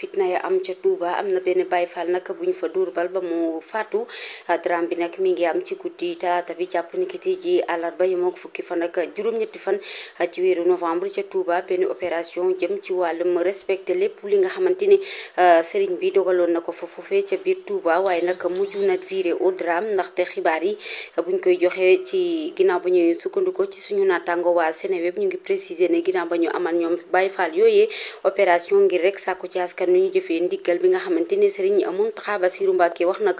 fitna ya am ca Touba am na benn Baye Fall nag bu ñu fa dóor bal ba mu faatu drame bi nag mi ngi am ci guddi talaata bi jàpp nikiti ji ba yi moo fukki fan ak juróom-ñetti fan ci weeru novembre ca Touba benn opération jëm ci wàllum respecté lépp li nga xamante ni euh, sëriñ bi dogaloon na ko fa foofee ca biir Touba waaye nag mujj na viré au drame ndaxte xibaar yi buñ koy joxee ci ginnaaw ba ñuy sukkandikoo ci suñu naataango waa Seneweb ñu ngi préciser ne ginnaaw ba ñu amal ñoom nu ñu jëfee ndigal bi nga xamante ni Serigne Mountakha Bassirou Mbacké wax na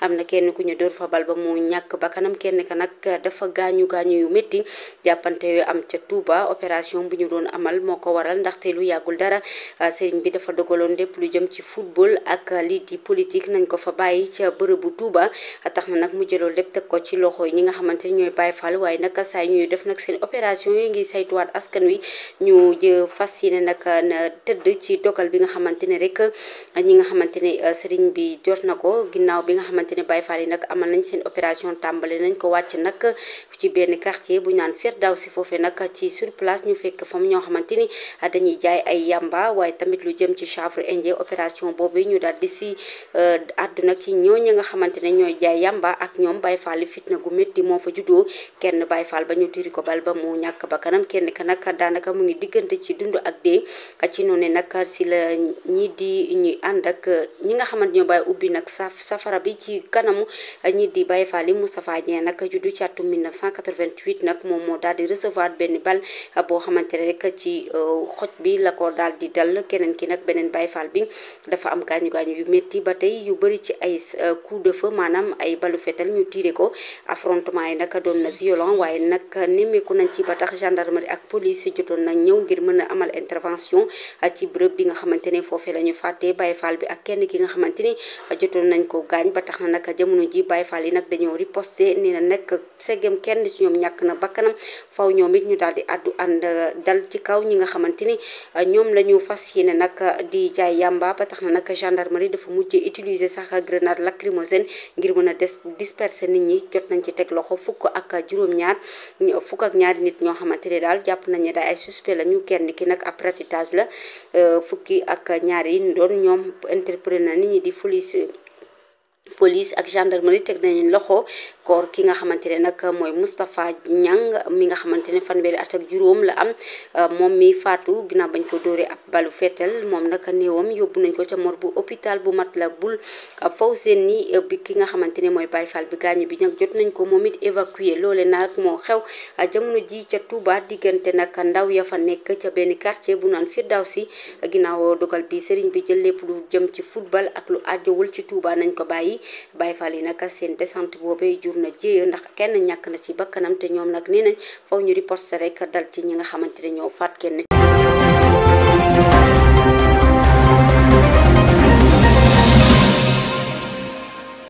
am na kenn ku ñu dóor fa bal ba mu ñàkk bakkanam kenn ka nag dafa gaañu gaañu yu métti jàppante yu am ca tuuba opération bu ñu doon amal moo ko waral ndaxte lu yàggul dara ah, Serigne bi dafa dogaloon lépp lu jëm ci football ak lii di politique nañ ko fa bàyyi ca bërëbu Touba tax na nag mu jëloo lépp teg ko ci loxo yi ñi nga xamante ni ñooy Baye Fall waaye nag saa ñuy def nag seen opération yooyu ngi saytuwaat askan wi ñu fas yéene nag na tëdd ci ne rek ñi nga xamante ne euh, sëriñ bi jot na ko ginnaaw bi nga xamante ne Baye Fall yi nag amal nañ seen opération tàmbale nañ ko wàcc nag ci benn quartier bu ñu naan Firdawsi foofee nag ci sur place ñu fekk fam ñoo xamante ni dañuy jaay ay yamba waaye tamit lu jëm ci chanvre indien opération boobu ñu daal di si euh, àddu nag ci ñooñu nga xamante ne ñooy jaay yamba ak ñoom Baye Fall yi fitna gu métti moo fa juddoo kenn Baye Fall ba ñu tiri ko bal ba mu ñàkk ba kanam kenn ka nag daanaka mu ngi diggante ci dund ak dee ci noonu nag si la ñii di ñuy ànd ak ñi nga xamante ñoo bay ubbi nag saf safara bi ci kanamu ñii di Baye Fall yi Moustapha Dieng nag juddu ci atum 1988 nag moom moo daal di recevoir benn bal boo xamante ne rek ci euh, xoj bi la ko daal di dal keneen ki nag beneen Baye Fall bi dafa am gaañu gaañu yu métti ba tey yu bëri ci ay euh, coup de feu maanaam ay balu fetal ñu tiire ko affrontement yi nag doon na violent waaye nag nemmeeku nañ ci ba tax gendarmerie ak police jotoon na ñëw ngir mën a la ñu fàtte Baye Fall bi ak kenn ki nga xamante ni jotoon nañ ko gaañ ba tax na nag jamono ji Baye Fall yi nag dañoo riposté ni na nag segem kenn ñoom ñàkk na bakkanam faw ñoom ñu daal di addu ànd dal ci kaw ñi nga xamante ni ñoom la fas yéene nag di jaay yàmba ba tax na nag gendarmerie dafa mujjee utiliser sax grenade lacrymogène ngir mën a des disperser nit ñi jot nañ ci teg loxo fukk ak juróom-ñaar fukk ak ñaari nit ñoo xamante ni daal jàpp nañ ne daal ay suspect la kenn ki nag ab ratissage la fukki ak ñaari yi doon ñoom entrepreneur nit ñi di folie police ak gendarmerie teg nañu loxo koor ki nga xamante ne nag mooy Moustapha Niang mi nga xamante ne fanweeri at ak juróom la am euh, moom mi faatu ginnaaw bañ ko dóoree ab balu fetel moom nag néewam yóbbu nañ ko ca mor bu hôpital bu Matlaboul Fawzeyni euh, bi ki nga xamante ne mooy Baye fal bi gaañu bi nag jot nañ ko moom it évacué loole nag moo xew a euh, jamono ji ca Touba diggante nag ndaw ya fa nekk ca benn quartier bu naan Firdawsi ginnaaw dogal bi sëriñ bi jël lépp lu jëm ci football ak lu ajowul ci Touba nañ ko bàyyi bay fal Fall yi nag seen descente boobee jur na jéeya ndax kenn ñàkk na ci bakkanam te ñoom nag nee na faw ñu riposte rekk dal ci ñi nga xamante ne ñoo faat kenn.